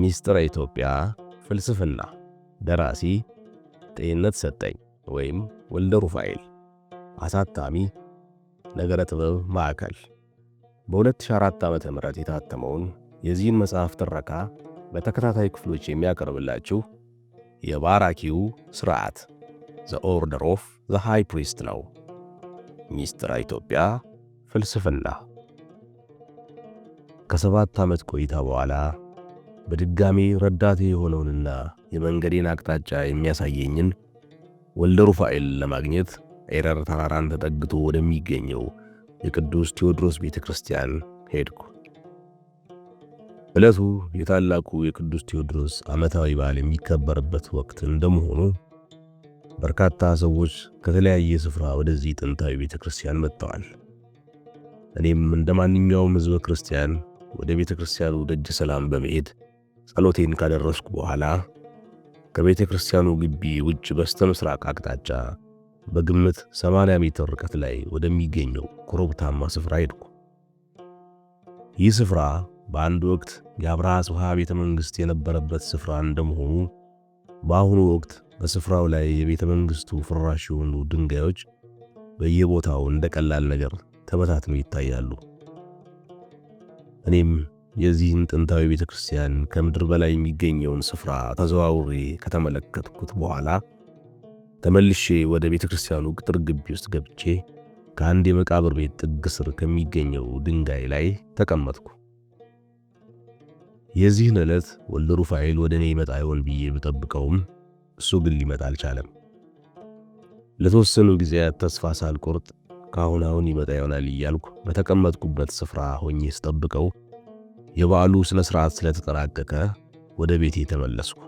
ሚስጥረ ኢትዮጵያ ፍልስፍና ደራሲ ጤንነት ሰጠኝ ወይም ወልደ ሩፋኤል አሳታሚ ነገረ ጥበብ ማዕከል በ2004 ዓ.ም የታተመውን የዚህን መጽሐፍ ትረካ በተከታታይ ክፍሎች የሚያቀርብላችሁ የባራኪው ስርዓት ዘ ኦርደር ኦፍ ዘ ሃይ ፕሪስት ነው። ሚስጥረ ኢትዮጵያ ፍልስፍና ከሰባት ዓመት ቆይታ በኋላ በድጋሜ ረዳቴ የሆነውንና የመንገዴን አቅጣጫ የሚያሳየኝን ወልደ ሩፋኤል ለማግኘት ኤረር ተራራን ተጠግቶ ወደሚገኘው የቅዱስ ቴዎድሮስ ቤተ ክርስቲያን ሄድኩ። ዕለቱ የታላቁ የቅዱስ ቴዎድሮስ ዓመታዊ በዓል የሚከበርበት ወቅት እንደመሆኑ በርካታ ሰዎች ከተለያየ ስፍራ ወደዚህ ጥንታዊ ቤተ ክርስቲያን መጥተዋል። እኔም እንደ ማንኛውም ሕዝበ ክርስቲያን ወደ ቤተ ክርስቲያኑ ደጀ ሰላም በመሄድ ጸሎቴን ካደረስኩ በኋላ ከቤተ ክርስቲያኑ ግቢ ውጭ በስተ ምስራቅ አቅጣጫ በግምት 80 ሜትር ርቀት ላይ ወደሚገኘው ኮረብታማ ስፍራ ሄድኩ። ይህ ስፍራ በአንድ ወቅት የአብርሃ ውሃ ቤተ መንግሥት የነበረበት ስፍራ እንደመሆኑ በአሁኑ ወቅት በስፍራው ላይ የቤተ መንግሥቱ ፍራሽ የሆኑ ድንጋዮች በየቦታው እንደ ቀላል ነገር ተበታትነው ይታያሉ። እኔም የዚህን ጥንታዊ ቤተ ክርስቲያን ከምድር በላይ የሚገኘውን ስፍራ ተዘዋውሬ ከተመለከትኩት በኋላ ተመልሼ ወደ ቤተ ክርስቲያኑ ቅጥር ግቢ ውስጥ ገብቼ ከአንድ የመቃብር ቤት ጥግ ስር ከሚገኘው ድንጋይ ላይ ተቀመጥኩ። የዚህን ዕለት ወልደ ሩፋኤል ወደ እኔ ይመጣ ይሆን ብዬ ብጠብቀውም እሱ ግን ሊመጣ አልቻለም። ለተወሰኑ ጊዜያት ተስፋ ሳልቆርጥ ከአሁን አሁን ይመጣ ይሆናል እያልኩ በተቀመጥኩበት ስፍራ ሆኜ ስጠብቀው የበዓሉ ስነ ስርዓት ስለተጠናቀቀ ወደ ቤቴ ተመለስኩ።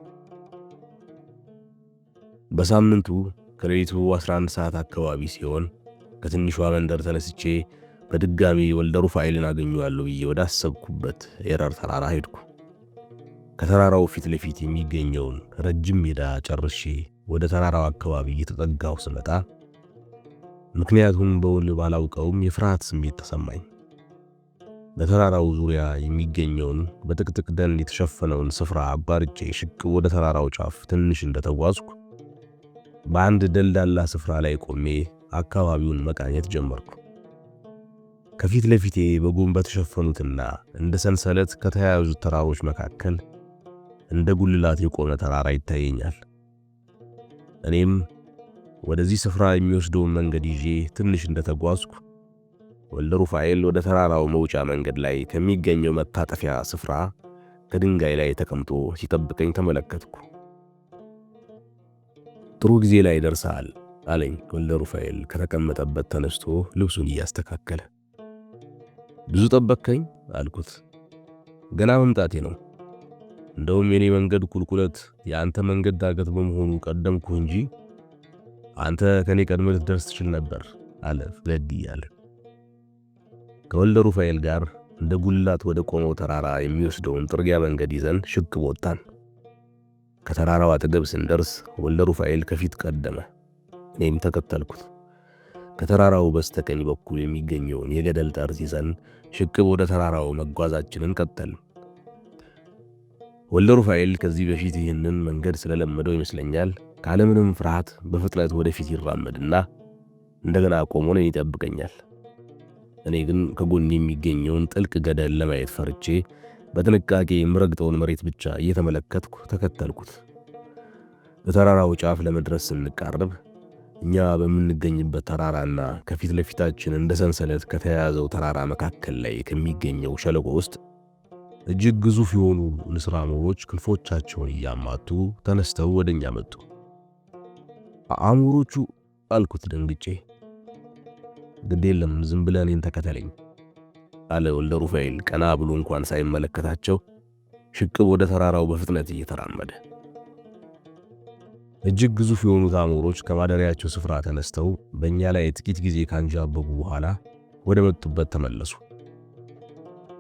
በሳምንቱ ከሌሊቱ 11 ሰዓት አካባቢ ሲሆን ከትንሿ መንደር ተነስቼ በድጋሚ ወልደ ሩፋኤልን አገኘዋለሁ ብዬ ወዳሰብኩበት የረር ተራራ ሄድኩ። ከተራራው ፊት ለፊት የሚገኘውን ረጅም ሜዳ ጨርሼ ወደ ተራራው አካባቢ እየተጠጋሁ ስመጣ ምክንያቱም በውል ባላውቀውም የፍርሃት ስሜት ተሰማኝ። በተራራው ዙሪያ የሚገኘውን በጥቅጥቅ ደን የተሸፈነውን ስፍራ አቋርጬ ሽቅ ወደ ተራራው ጫፍ ትንሽ እንደተጓዝኩ በአንድ ደልዳላ ስፍራ ላይ ቆሜ አካባቢውን መቃኘት ጀመርኩ። ከፊት ለፊቴ በጉም በተሸፈኑትና እንደ ሰንሰለት ከተያያዙት ተራሮች መካከል እንደ ጉልላት የቆመ ተራራ ይታየኛል። እኔም ወደዚህ ስፍራ የሚወስደውን መንገድ ይዤ ትንሽ እንደተጓዝኩ ወልደ ሩፋኤል ወደ ተራራው መውጫ መንገድ ላይ ከሚገኘው መታጠፊያ ስፍራ ከድንጋይ ላይ ተቀምጦ ሲጠብቀኝ ተመለከትኩ። ጥሩ ጊዜ ላይ ደርሰሃል አለኝ ወልደ ሩፋኤል ከተቀመጠበት ተነስቶ ልብሱን እያስተካከለ። ብዙ ጠበከኝ አልኩት። ገና መምጣቴ ነው። እንደውም የኔ መንገድ ቁልቁለት የአንተ መንገድ ዳገት በመሆኑ ቀደምኩ እንጂ አንተ ከኔ ቀድመህ ልትደርስ ትችል ነበር አለ ፈገግ እያለ። ከወልደ ሩፋኤል ጋር እንደ ጉላት ወደ ቆመው ተራራ የሚወስደውን ጥርጊያ መንገድ ይዘን ሽቅብ ወጣን። ከተራራው አጠገብ ስንደርስ ወልደ ሩፋኤል ከፊት ቀደመ፣ እኔም ተከተልኩት። ከተራራው በስተቀኝ በኩል የሚገኘውን የገደል ጠርዝ ይዘን ሽቅብ ወደ ተራራው መጓዛችንን ቀጠል። ወልደ ሩፋኤል ከዚህ በፊት ይህንን መንገድ ስለለመደው ይመስለኛል ካለምንም ፍርሃት በፍጥነት ወደፊት ይራመድና እንደገና ቆሞ ይጠብቀኛል። እኔ ግን ከጎን የሚገኘውን ጥልቅ ገደል ለማየት ፈርቼ በጥንቃቄ የምረግጠውን መሬት ብቻ እየተመለከትኩ ተከተልኩት። በተራራው ጫፍ ለመድረስ ስንቃርብ እኛ በምንገኝበት ተራራና ከፊት ለፊታችን እንደ ሰንሰለት ከተያያዘው ተራራ መካከል ላይ ከሚገኘው ሸለቆ ውስጥ እጅግ ግዙፍ የሆኑ ንስር ክንፎቻቸውን እያማቱ ተነስተው ወደኛ መጡ። አሙሮቹ አልኩት ደንግጬ ግድ የለም ዝም ብለህ እኔን ተከተለኝ አለ ወልደ ሩፋኤል ቀና ብሎ እንኳን ሳይመለከታቸው ሽቅብ ወደ ተራራው በፍጥነት እየተራመደ። እጅግ ግዙፍ የሆኑት አሞሮች ከማደሪያቸው ስፍራ ተነስተው በእኛ ላይ ጥቂት ጊዜ ካንዣበቡ በኋላ ወደ መጡበት ተመለሱ።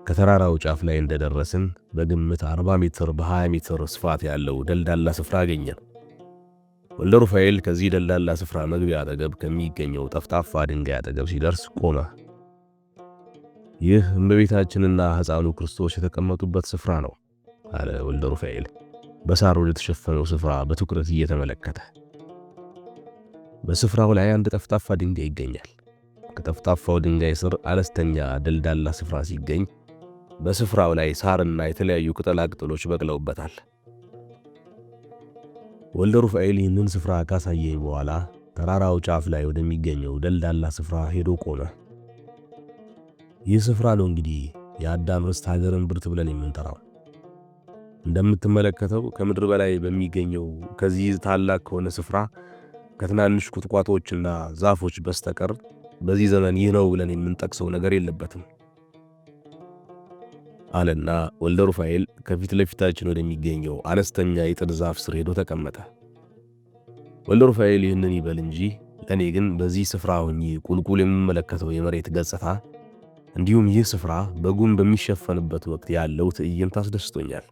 ከተራራው ጫፍ ላይ እንደደረስን በግምት 40 ሜትር በ20 ሜትር ስፋት ያለው ደልዳላ ስፍራ አገኘን። ወልደ ሩፋኤል ከዚህ ደላላ ስፍራ መግቢያ አጠገብ ከሚገኘው ጠፍጣፋ ድንጋይ አጠገብ ሲደርስ ቆመ። ይህ እመቤታችንና ሕፃኑ ክርስቶስ የተቀመጡበት ስፍራ ነው አለ ወልደ ሩፋኤል በሳር ወደ ተሸፈነው ስፍራ በትኩረት እየተመለከተ። በስፍራው ላይ አንድ ጠፍጣፋ ድንጋይ ይገኛል። ከጠፍጣፋው ድንጋይ ስር አነስተኛ ደልዳላ ስፍራ ሲገኝ በስፍራው ላይ ሳርና የተለያዩ ቅጠላቅጠሎች በቅለውበታል። ወልደ ሩፋኤል ይህንን ስፍራ ካሳየኝ በኋላ ተራራው ጫፍ ላይ ወደሚገኘው ደልዳላ ስፍራ ሄዶ ቆመ። ይህ ስፍራ ነው እንግዲህ የአዳም ርስት ሀገርን ብርት ብለን የምንጠራው። እንደምትመለከተው ከምድር በላይ በሚገኘው ከዚህ ታላቅ ከሆነ ስፍራ ከትናንሽ ቁጥቋጦዎችና ዛፎች በስተቀር በዚህ ዘመን ይህ ነው ብለን የምንጠቅሰው ነገር የለበትም። አለና ወልደ ሩፋኤል ከፊት ለፊታችን ወደሚገኘው አነስተኛ የጥድ ዛፍ ስር ሄዶ ተቀመጠ። ወልደ ሩፋኤል ይህንን ይበል እንጂ ለእኔ ግን በዚህ ስፍራ ሆኜ ቁልቁል የምመለከተው የመሬት ገጽታ እንዲሁም ይህ ስፍራ በጉም በሚሸፈንበት ወቅት ያለው ትዕይንት አስደስቶኛል።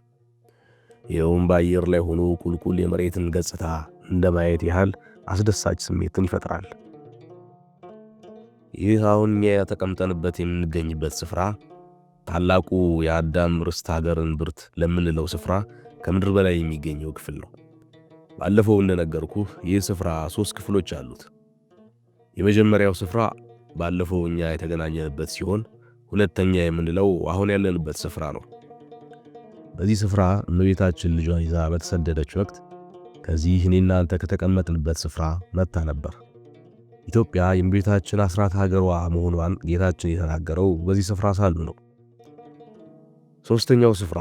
ይኸውም በአየር ላይ ሆኖ ቁልቁል የመሬትን ገጽታ እንደ ማየት ያህል አስደሳች ስሜትን ይፈጥራል። ይህ አሁን እኛ ተቀምጠንበት የምንገኝበት ስፍራ ታላቁ የአዳም ርስት ሀገርን ብርት ለምንለው ስፍራ ከምድር በላይ የሚገኘው ክፍል ነው። ባለፈው እንደነገርኩ ይህ ስፍራ ሦስት ክፍሎች አሉት። የመጀመሪያው ስፍራ ባለፈው እኛ የተገናኘንበት ሲሆን ሁለተኛ የምንለው አሁን ያለንበት ስፍራ ነው። በዚህ ስፍራ እመቤታችን ልጇን ይዛ በተሰደደች ወቅት ከዚህ እኔ እናንተ ከተቀመጥንበት ስፍራ መጥታ ነበር። ኢትዮጵያ የእመቤታችን አስራት ሀገሯ መሆኗን ጌታችን የተናገረው በዚህ ስፍራ ሳሉ ነው። ሦስተኛው ስፍራ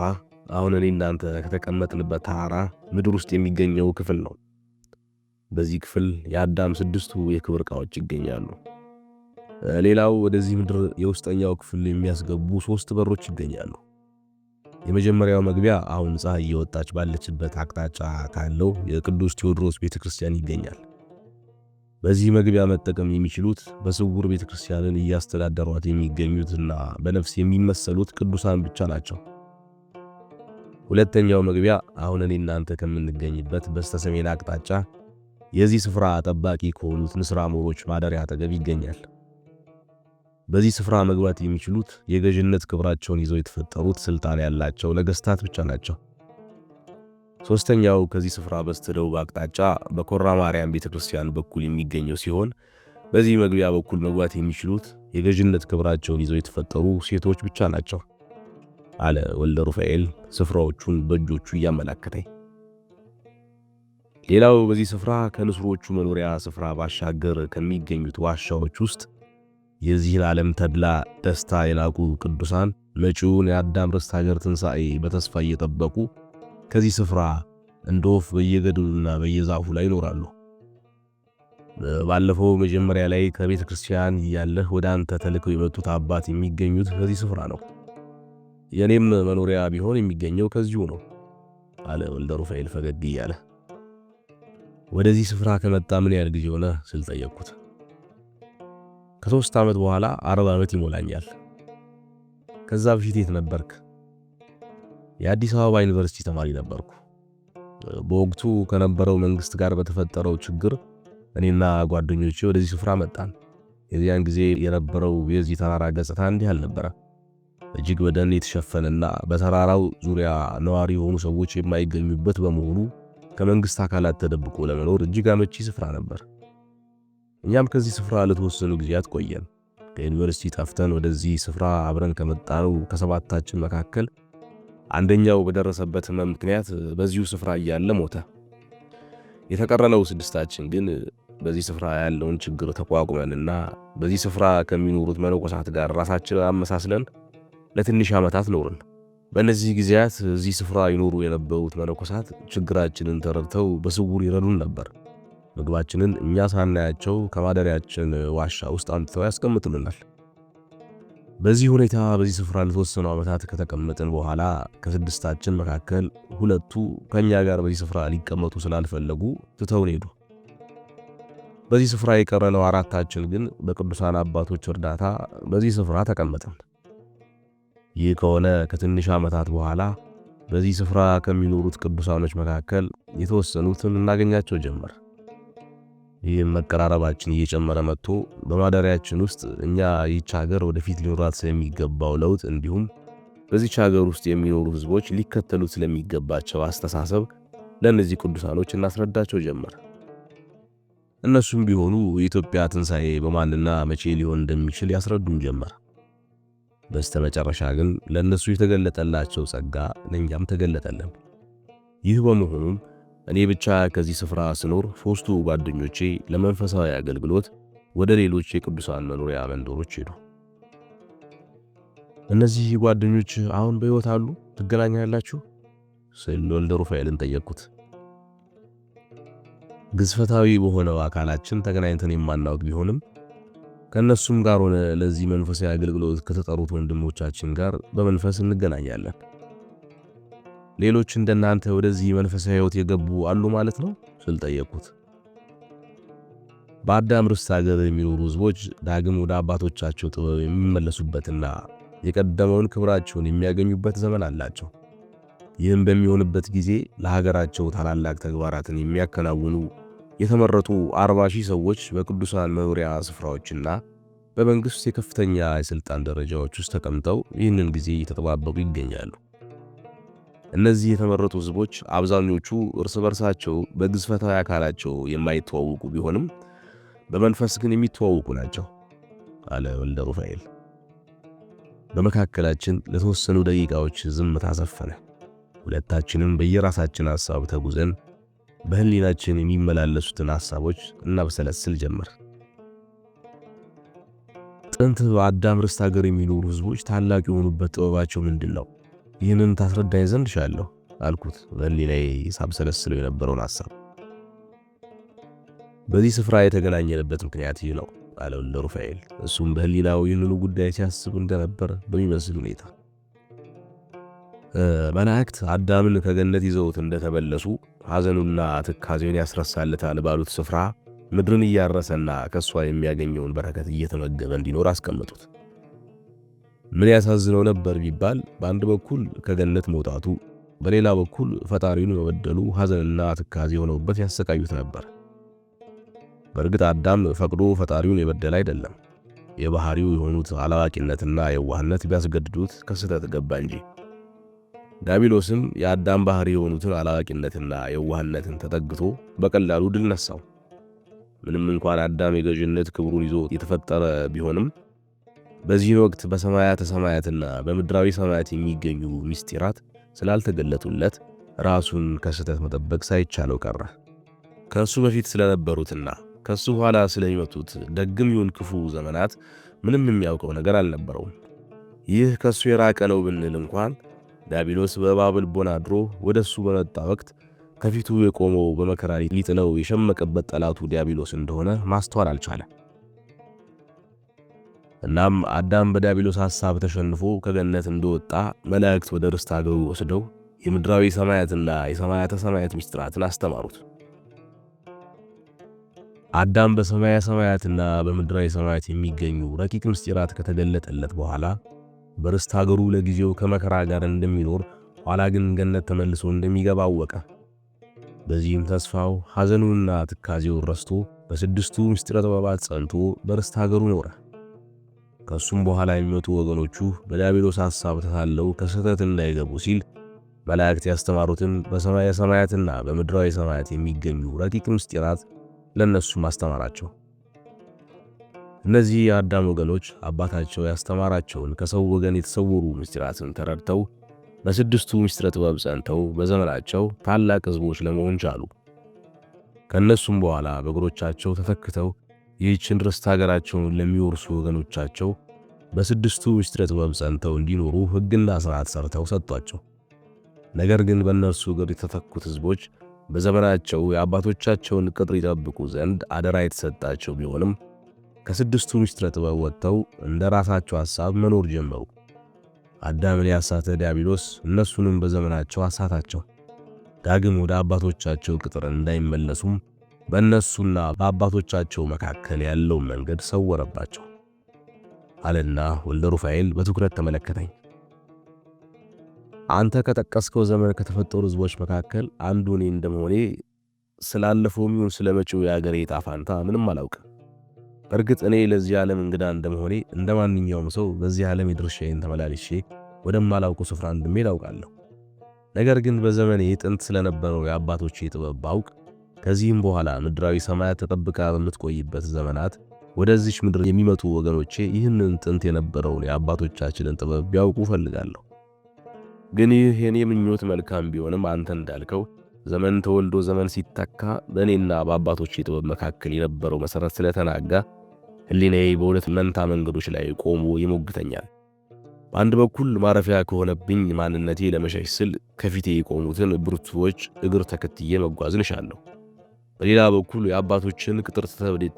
አሁን እኔ እናንተ ከተቀመጥንበት ተራራ ምድር ውስጥ የሚገኘው ክፍል ነው። በዚህ ክፍል የአዳም ስድስቱ የክብር ዕቃዎች ይገኛሉ። ሌላው ወደዚህ ምድር የውስጠኛው ክፍል የሚያስገቡ ሦስት በሮች ይገኛሉ። የመጀመሪያው መግቢያ አሁን ፀሐይ እየወጣች ባለችበት አቅጣጫ ካለው የቅዱስ ቴዎድሮስ ቤተ ክርስቲያን ይገኛል። በዚህ መግቢያ መጠቀም የሚችሉት በስውር ቤተ ክርስቲያንን እያስተዳደሯት የሚገኙትና በነፍስ የሚመሰሉት ቅዱሳን ብቻ ናቸው። ሁለተኛው መግቢያ አሁን እኔ እናንተ ከምንገኝበት በስተሰሜን አቅጣጫ የዚህ ስፍራ ጠባቂ ከሆኑት ንስራ ሞሮች ማደሪያ አጠገብ ይገኛል። በዚህ ስፍራ መግባት የሚችሉት የገዥነት ክብራቸውን ይዘው የተፈጠሩት ስልጣን ያላቸው ነገስታት ብቻ ናቸው። ሦስተኛው ከዚህ ስፍራ በስተደቡብ አቅጣጫ በኮራ ማርያም ቤተ ክርስቲያን በኩል የሚገኘው ሲሆን በዚህ መግቢያ በኩል መግባት የሚችሉት የገዥነት ክብራቸውን ይዘው የተፈጠሩ ሴቶች ብቻ ናቸው አለ ወልደ ሩፋኤል ስፍራዎቹን በእጆቹ እያመላከተኝ። ሌላው በዚህ ስፍራ ከንስሮቹ መኖሪያ ስፍራ ባሻገር ከሚገኙት ዋሻዎች ውስጥ የዚህን ዓለም ተድላ ደስታ የላቁ ቅዱሳን መጪውን የአዳም ርስት ሀገር ትንሣኤ በተስፋ እየጠበቁ ከዚህ ስፍራ እንደ ወፍ በየገደሉና በየዛፉ ላይ ይኖራሉ። ባለፈው መጀመሪያ ላይ ከቤተ ክርስቲያን እያለህ ወደ አንተ ተልከው የመጡት አባት የሚገኙት ከዚህ ስፍራ ነው። የእኔም መኖሪያ ቢሆን የሚገኘው ከዚሁ ነው አለ ወልደ ሩፋኤል ፈገግ እያለ። ወደዚህ ስፍራ ከመጣ ምን ያህል ጊዜ ሆነ ስል ጠየቅኩት። ከሶስት ዓመት በኋላ አርባ ዓመት ይሞላኛል። ከዛ በፊት የት ነበርክ? የአዲስ አበባ ዩኒቨርሲቲ ተማሪ ነበርኩ። በወቅቱ ከነበረው መንግስት ጋር በተፈጠረው ችግር እኔና ጓደኞቼ ወደዚህ ስፍራ መጣን። የዚያን ጊዜ የነበረው የዚህ ተራራ ገጽታ እንዲህ አልነበረ። እጅግ በደን የተሸፈነና በተራራው ዙሪያ ነዋሪ የሆኑ ሰዎች የማይገኙበት በመሆኑ ከመንግስት አካላት ተደብቆ ለመኖር እጅግ አመቺ ስፍራ ነበር። እኛም ከዚህ ስፍራ ለተወሰኑ ጊዜያት ቆየን። ከዩኒቨርሲቲ ጠፍተን ወደዚህ ስፍራ አብረን ከመጣነው ከሰባታችን መካከል አንደኛው በደረሰበት ሕመም ምክንያት በዚሁ ስፍራ እያለ ሞተ። የተቀረነው ስድስታችን ግን በዚህ ስፍራ ያለውን ችግር ተቋቁመንና በዚህ ስፍራ ከሚኖሩት መነኮሳት ጋር ራሳችን አመሳስለን ለትንሽ ዓመታት ኖርን። በእነዚህ ጊዜያት እዚህ ስፍራ ይኖሩ የነበሩት መነኮሳት ችግራችንን ተረድተው በስውር ይረዱን ነበር። ምግባችንን እኛ ሳናያቸው ከማደሪያችን ዋሻ ውስጥ አምጥተው ያስቀምጡልናል። በዚህ ሁኔታ በዚህ ስፍራ ለተወሰኑ ዓመታት ከተቀመጥን በኋላ ከስድስታችን መካከል ሁለቱ ከእኛ ጋር በዚህ ስፍራ ሊቀመጡ ስላልፈለጉ ትተውን ሄዱ። በዚህ ስፍራ የቀረነው አራታችን ግን በቅዱሳን አባቶች እርዳታ በዚህ ስፍራ ተቀመጥን። ይህ ከሆነ ከትንሽ ዓመታት በኋላ በዚህ ስፍራ ከሚኖሩት ቅዱሳኖች መካከል የተወሰኑትን እናገኛቸው ጀመር። ይህም መቀራረባችን እየጨመረ መጥቶ በማደሪያችን ውስጥ እኛ ይች ሀገር ወደፊት ሊኖራት ስለሚገባው ለውጥ እንዲሁም በዚች ሀገር ውስጥ የሚኖሩ ህዝቦች ሊከተሉት ስለሚገባቸው አስተሳሰብ ለእነዚህ ቅዱሳኖች እናስረዳቸው ጀመር። እነሱም ቢሆኑ የኢትዮጵያ ትንሣኤ በማንና መቼ ሊሆን እንደሚችል ያስረዱን ጀመር። በስተ መጨረሻ ግን ለእነሱ የተገለጠላቸው ጸጋ ለእኛም ተገለጠለን። ይህ በመሆኑም እኔ ብቻ ከዚህ ስፍራ ስኖር ሦስቱ ጓደኞቼ ለመንፈሳዊ አገልግሎት ወደ ሌሎች የቅዱሳን መኖሪያ መንደሮች ሄዱ። እነዚህ ጓደኞች አሁን በሕይወት አሉ? ትገናኛላችሁ? ስል ወልደ ሩፋኤልን ጠየቅኩት። ግዝፈታዊ በሆነው አካላችን ተገናኝተን የማናውቅ ቢሆንም ከእነሱም ጋር ሆነ ለዚህ መንፈሳዊ አገልግሎት ከተጠሩት ወንድሞቻችን ጋር በመንፈስ እንገናኛለን። ሌሎች እንደናንተ ወደዚህ መንፈሳዊ ሕይወት የገቡ አሉ ማለት ነው ስል በአዳም ርስት ሀገር የሚኖሩ ህዝቦች ዳግም ወደ አባቶቻቸው ጥበብ የሚመለሱበትና የቀደመውን ክብራቸውን የሚያገኙበት ዘመን አላቸው። ይህም በሚሆንበት ጊዜ ለሀገራቸው ታላላቅ ተግባራትን የሚያከናውኑ የተመረጡ አርባ ሺህ ሰዎች በቅዱሳን መኖሪያ ስፍራዎችና በመንግሥት የከፍተኛ የሥልጣን ደረጃዎች ውስጥ ተቀምጠው ይህንን ጊዜ እየተጠባበቁ ይገኛሉ። እነዚህ የተመረጡ ህዝቦች አብዛኞቹ እርስ በርሳቸው በግዝፈታዊ አካላቸው የማይተዋወቁ ቢሆንም በመንፈስ ግን የሚተዋወቁ ናቸው አለ ወልደ ሩፋኤል። በመካከላችን ለተወሰኑ ደቂቃዎች ዝምታ ሰፈነ። ሁለታችንም በየራሳችን ሐሳብ ተጉዘን በህሊናችን የሚመላለሱትን ሐሳቦች እናብሰለስል ጀመር። ጥንት በአዳም ርስት ሀገር የሚኖሩ ህዝቦች ታላቅ የሆኑበት ጥበባቸው ምንድን ነው? ይህንን ታስረዳኝ ዘንድ ሻለሁ አልኩት በሊ ላይ ሰለስለው የነበረውን ሐሳብ። በዚህ ስፍራ የተገናኘንበት ምክንያት ይህ ነው አለው ለሩፋኤል። እሱም በህሊናው ይህንኑ ጉዳይ ሲያስብ እንደነበር በሚመስል ሁኔታ መላእክት አዳምን ከገነት ይዘውት እንደተመለሱ ሐዘኑና ትካዜውን ያስረሳለታል ባሉት ስፍራ ምድርን እያረሰና ከእሷ የሚያገኘውን በረከት እየተመገበ እንዲኖር አስቀመጡት። ምን ያሳዝነው ነበር ቢባል በአንድ በኩል ከገነት መውጣቱ፣ በሌላ በኩል ፈጣሪውን መበደሉ ሐዘንና ትካዜ ሆነውበት ያሰቃዩት ነበር። በእርግጥ አዳም ፈቅዶ ፈጣሪውን የበደለ አይደለም። የባህሪው የሆኑት አላዋቂነትና የዋህነት ቢያስገድዱት ከስህተት ገባ እንጂ። ዳቢሎስም የአዳም ባህሪ የሆኑትን አላዋቂነትና የዋህነትን ተጠግቶ በቀላሉ ድል ነሳው። ምንም እንኳን አዳም የገዥነት ክብሩን ይዞ የተፈጠረ ቢሆንም በዚህ ወቅት በሰማያተ ሰማያትና በምድራዊ ሰማያት የሚገኙ ምስጢራት ስላልተገለጡለት ራሱን ከስህተት መጠበቅ ሳይቻለው ቀረ። ከእሱ በፊት ስለነበሩትና ከእሱ በኋላ ስለሚመጡት ደግም ይሁን ክፉ ዘመናት ምንም የሚያውቀው ነገር አልነበረውም። ይህ ከእሱ የራቀ ነው ብንል እንኳን ዲያብሎስ በባብል ቦናድሮ አድሮ ወደ እሱ በመጣ ወቅት ከፊቱ የቆመው በመከራ ሊጥለው የሸመቀበት ጠላቱ ዲያብሎስ እንደሆነ ማስተዋል አልቻለም። እናም አዳም በዲያብሎስ ሐሳብ ተሸንፎ ከገነት እንደወጣ መላእክት ወደ ርስት አገሩ ወስደው የምድራዊ ሰማያትና የሰማያተ ሰማያት ምስጢራትን አስተማሩት። አዳም በሰማያ ሰማያትና በምድራዊ ሰማያት የሚገኙ ረቂቅ ምስጢራት ከተገለጠለት በኋላ በርስት አገሩ ለጊዜው ከመከራ ጋር እንደሚኖር ኋላ ግን ገነት ተመልሶ እንደሚገባ አወቀ። በዚህም ተስፋው ሐዘኑና ትካዜውን ረስቶ በስድስቱ ምስጢረ ጥበባት ጸንቶ በርስት አገሩ ኖረ። ከእሱም በኋላ የሚመጡ ወገኖቹ በዲያብሎስ ሐሳብ ተታለው ከስህተት እንዳይገቡ ሲል መላእክት ያስተማሩትን በሰማየ ሰማያትና በምድራዊ ሰማያት የሚገኙ ረቂቅ ምስጢራት ለእነሱ ማስተማራቸው። እነዚህ የአዳም ወገኖች አባታቸው ያስተማራቸውን ከሰው ወገን የተሰወሩ ምስጢራትን ተረድተው በስድስቱ ምስጢረ ጥበብ ጸንተው በዘመናቸው ታላቅ ሕዝቦች ለመሆን ቻሉ። ከእነሱም በኋላ በእግሮቻቸው ተተክተው ይህችን ርስት ሀገራቸውን ለሚወርሱ ወገኖቻቸው በስድስቱ ምስጢረ ጥበብ ጸንተው እንዲኖሩ ሕግና ስርዓት ሰርተው ሰጥቷቸው። ነገር ግን በእነርሱ እግር የተተኩት ሕዝቦች በዘመናቸው የአባቶቻቸውን ቅጥር ይጠብቁ ዘንድ አደራ የተሰጣቸው ቢሆንም ከስድስቱ ምስጢረ ጥበብ ወጥተው እንደ ራሳቸው ሐሳብ መኖር ጀመሩ። አዳምን ያሳተ ዲያብሎስ እነሱንም በዘመናቸው አሳታቸው። ዳግም ወደ አባቶቻቸው ቅጥር እንዳይመለሱም በእነሱና በአባቶቻቸው መካከል ያለውን መንገድ ሰወረባቸው አለና ወልደ ሩፋኤል በትኩረት ተመለከተኝ። አንተ ከጠቀስከው ዘመን ከተፈጠሩ ህዝቦች መካከል አንዱ እኔ እንደመሆኔ ስላለፈውም ይሁን ስለመጪው የአገሬ ዕጣ ፈንታ ምንም አላውቅም። በእርግጥ እኔ ለዚህ ዓለም እንግዳ እንደመሆኔ እንደ ማንኛውም ሰው በዚህ ዓለም የድርሻዬን ተመላልሼ ወደማላውቁ ስፍራ እንደምሄድ አውቃለሁ። ነገር ግን በዘመኔ ጥንት ስለነበረው የአባቶቼ ጥበብ ባውቅ ከዚህም በኋላ ምድራዊ ሰማያት ተጠብቃ በምትቆይበት ዘመናት ወደዚች ምድር የሚመጡ ወገኖቼ ይህንን ጥንት የነበረውን የአባቶቻችንን ጥበብ ቢያውቁ ፈልጋለሁ። ግን ይህ የኔ ምኞት መልካም ቢሆንም አንተ እንዳልከው ዘመን ተወልዶ ዘመን ሲተካ በእኔና በአባቶቼ ጥበብ መካከል የነበረው መሠረት ስለተናጋ ሕሊናዬ በሁለት መንታ መንገዶች ላይ ቆሞ ይሞግተኛል። በአንድ በኩል ማረፊያ ከሆነብኝ ማንነቴ ለመሸሽ ስል ከፊቴ የቆሙትን ብርቱዎች እግር ተከትዬ መጓዝን እሻለሁ። በሌላ በኩል የአባቶችን ቅጥር ትተህ ወዴት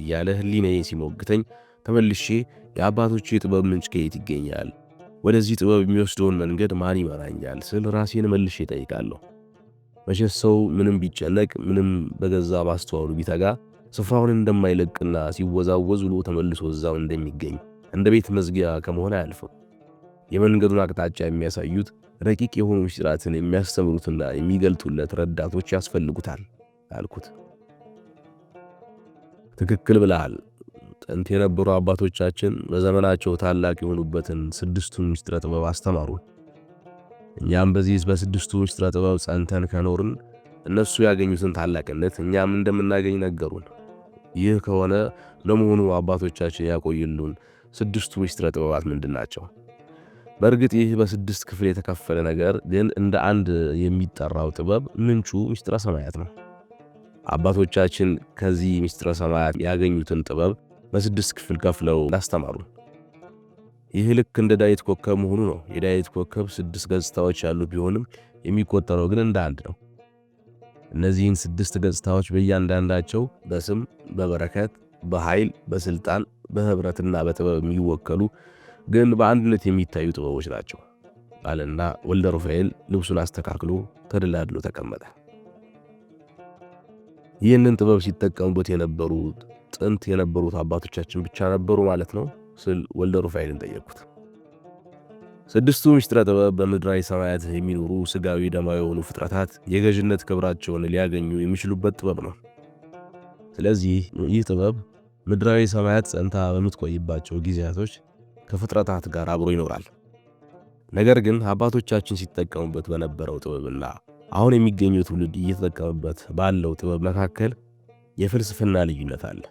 እያለ ህሊናዬ ሲሞግተኝ ተመልሼ የአባቶች የጥበብ ምንጭ ከየት ይገኛል፣ ወደዚህ ጥበብ የሚወስደውን መንገድ ማን ይመራኛል ስል ራሴን መልሼ ይጠይቃለሁ። መቼስ ሰው ምንም ቢጨነቅ ምንም በገዛ ማስተዋሉ ቢተጋ ስፍራውን እንደማይለቅና ሲወዛወዝ ውሎ ተመልሶ እዛው እንደሚገኝ እንደ ቤት መዝጊያ ከመሆን አያልፍም። የመንገዱን አቅጣጫ የሚያሳዩት ረቂቅ የሆኑ ምስጢራትን የሚያስተምሩትና የሚገልጡለት ረዳቶች ያስፈልጉታል። አልኩት። ትክክል ብለሃል። ጥንት የነበሩ አባቶቻችን በዘመናቸው ታላቅ የሆኑበትን ስድስቱ ምስጢረ ጥበብ አስተማሩ። እኛም በዚህ በስድስቱ ምስጢረ ጥበብ ጸንተን ከኖርን እነሱ ያገኙትን ታላቅነት እኛም እንደምናገኝ ነገሩን። ይህ ከሆነ ለመሆኑ አባቶቻችን ያቆይሉን ስድስቱ ምስጢረ ጥበባት ምንድን ናቸው? በእርግጥ ይህ በስድስት ክፍል የተከፈለ ነገር ግን እንደ አንድ የሚጠራው ጥበብ ምንጩ ምስጢረ ሰማያት ነው። አባቶቻችን ከዚህ ምስጢረ ሰማያት ያገኙትን ጥበብ በስድስት ክፍል ከፍለው አስተማሩ። ይህ ልክ እንደ ዳዊት ኮከብ መሆኑ ነው። የዳዊት ኮከብ ስድስት ገጽታዎች ያሉ ቢሆንም የሚቆጠረው ግን እንደ አንድ ነው። እነዚህን ስድስት ገጽታዎች በእያንዳንዳቸው በስም፣ በበረከት፣ በኃይል፣ በስልጣን፣ በህብረትና በጥበብ የሚወከሉ ግን በአንድነት የሚታዩ ጥበቦች ናቸው አለና ወልደ ሩፋኤል ልብሱን አስተካክሎ ተደላድሎ ተቀመጠ። ይህንን ጥበብ ሲጠቀሙበት የነበሩ ጥንት የነበሩት አባቶቻችን ብቻ ነበሩ ማለት ነው ስል ወልደ ሩፋኤልን ጠየቅኩት። ስድስቱ ምስጢረ ጥበብ በምድራዊ ሰማያት የሚኖሩ ስጋዊ ደማዊ የሆኑ ፍጥረታት የገዥነት ክብራቸውን ሊያገኙ የሚችሉበት ጥበብ ነው። ስለዚህ ይህ ጥበብ ምድራዊ ሰማያት ጸንታ በምትቆይባቸው ጊዜያቶች ከፍጥረታት ጋር አብሮ ይኖራል። ነገር ግን አባቶቻችን ሲጠቀሙበት በነበረው ጥበብና አሁን የሚገኘው ትውልድ እየተጠቀመበት ባለው ጥበብ መካከል የፍልስፍና ልዩነት አለ።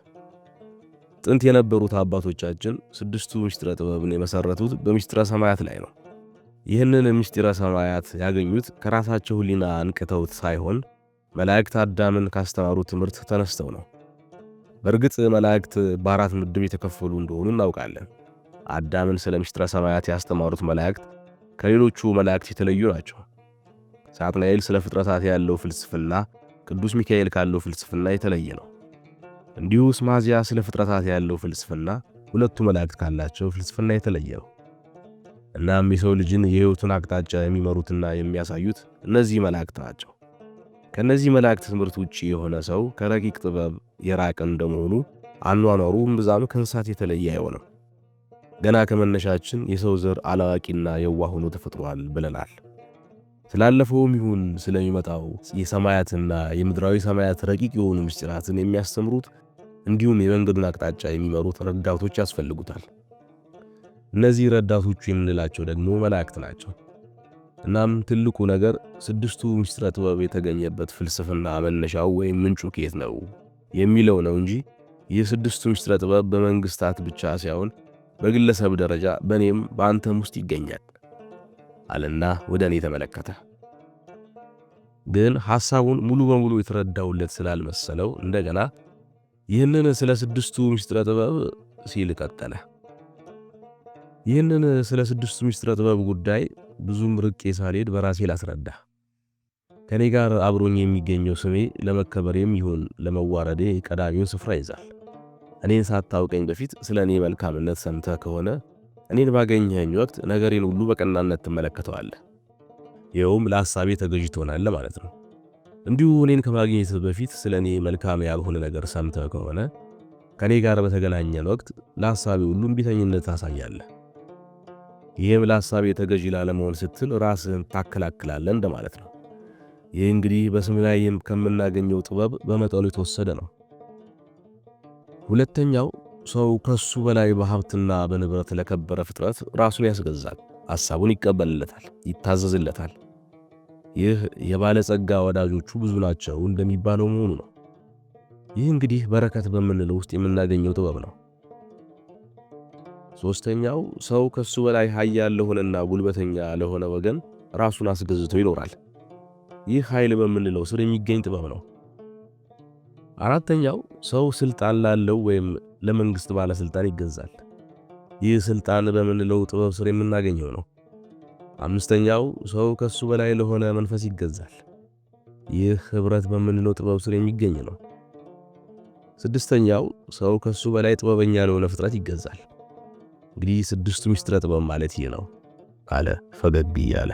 ጥንት የነበሩት አባቶቻችን ስድስቱ ምስጢረ ጥበብን የመሰረቱት በምስጢረ ሰማያት ላይ ነው። ይህንን ምስጢረ ሰማያት ያገኙት ከራሳቸው ሕሊና አንቅተውት ሳይሆን መላእክት አዳምን ካስተማሩት ትምህርት ተነስተው ነው። በእርግጥ መላእክት በአራት ምድብ የተከፈሉ እንደሆኑ እናውቃለን። አዳምን ስለ ምስጢረ ሰማያት ያስተማሩት መላእክት ከሌሎቹ መላእክት የተለዩ ናቸው። ሳጥናኤል ስለ ፍጥረታት ያለው ፍልስፍና ቅዱስ ሚካኤል ካለው ፍልስፍና የተለየ ነው። እንዲሁ እስማዚያ ስለ ፍጥረታት ያለው ፍልስፍና ሁለቱ መላእክት ካላቸው ፍልስፍና የተለየ ነው። እናም የሰው ልጅን የሕይወቱን አቅጣጫ የሚመሩትና የሚያሳዩት እነዚህ መላእክት ናቸው። ከእነዚህ መላእክት ትምህርት ውጪ የሆነ ሰው ከረቂቅ ጥበብ የራቀ እንደመሆኑ አኗኗሩ እምብዛም ከእንስሳት የተለየ አይሆንም። ገና ከመነሻችን የሰው ዘር አላዋቂና የዋህ ሆኖ ተፈጥሯል ብለናል። ስላለፈውም ይሁን ስለሚመጣው የሰማያትና የምድራዊ ሰማያት ረቂቅ የሆኑ ምስጢራትን የሚያስተምሩት እንዲሁም የመንገዱን አቅጣጫ የሚመሩት ረዳቶች ያስፈልጉታል። እነዚህ ረዳቶቹ የምንላቸው ደግሞ መላእክት ናቸው። እናም ትልቁ ነገር ስድስቱ ምስጢረ ጥበብ የተገኘበት ፍልስፍና መነሻው ወይም ምንጩ ኬት ነው የሚለው ነው እንጂ ይህ ስድስቱ ምስጢረ ጥበብ በመንግስታት ብቻ ሳይሆን በግለሰብ ደረጃ በእኔም በአንተም ውስጥ ይገኛል። አለና ወደ እኔ ተመለከተ። ግን ሐሳቡን ሙሉ በሙሉ የተረዳውለት ስላልመሰለው እንደገና ይህንን ስለ ስድስቱ ምስጢረ ጥበብ ሲል ቀጠለ። ይህንን ስለ ስድስቱ ምስጢረ ጥበብ ጉዳይ ብዙም ርቄ ሳልሄድ በራሴ ላስረዳ። ከእኔ ጋር አብሮኝ የሚገኘው ስሜ ለመከበሬም ይሁን ለመዋረዴ ቀዳሚውን ስፍራ ይዛል። እኔን ሳታውቀኝ በፊት ስለ እኔ መልካምነት ሰምተህ ከሆነ እኔን ባገኘኸኝ ወቅት ነገሬን ሁሉ በቀናነት ትመለከተዋለህ። ይኸውም ለሐሳቤ ተገዥ ትሆናለህ ማለት ነው። እንዲሁ እኔን ከማግኘት በፊት ስለ እኔ መልካም ያልሆነ ነገር ሰምተህ ከሆነ ከእኔ ጋር በተገናኘን ወቅት ለሐሳቤ ሁሉ እምቢተኝነት ታሳያለህ። ይህም ለሐሳቤ ተገዢ ላለመሆን ስትል ራስህን ታከላክላለህ እንደማለት ነው። ይህ እንግዲህ በስም ላይም ከምናገኘው ጥበብ በመጠኑ የተወሰደ ነው። ሁለተኛው ሰው ከሱ በላይ በሀብትና በንብረት ለከበረ ፍጥረት ራሱን ያስገዛል፣ ሐሳቡን ይቀበልለታል፣ ይታዘዝለታል። ይህ የባለጸጋ ወዳጆቹ ብዙ ናቸው እንደሚባለው መሆኑ ነው። ይህ እንግዲህ በረከት በምንለው ውስጥ የምናገኘው ጥበብ ነው። ሦስተኛው ሰው ከሱ በላይ ኃያል ለሆነና ጉልበተኛ ለሆነ ወገን ራሱን አስገዝቶ ይኖራል። ይህ ኃይል በምንለው ስር የሚገኝ ጥበብ ነው። አራተኛው ሰው ስልጣን ላለው ወይም ለመንግሥት ባለሥልጣን ይገዛል። ይህ ሥልጣን በምንለው ጥበብ ስር የምናገኘው ነው። አምስተኛው ሰው ከሱ በላይ ለሆነ መንፈስ ይገዛል። ይህ ኅብረት በምንለው ጥበብ ስር የሚገኝ ነው። ስድስተኛው ሰው ከሱ በላይ ጥበበኛ ለሆነ ፍጥረት ይገዛል። እንግዲህ ስድስቱ ምስጢረ ጥበብ ማለት ይህ ነው አለ ፈገግ እያለ።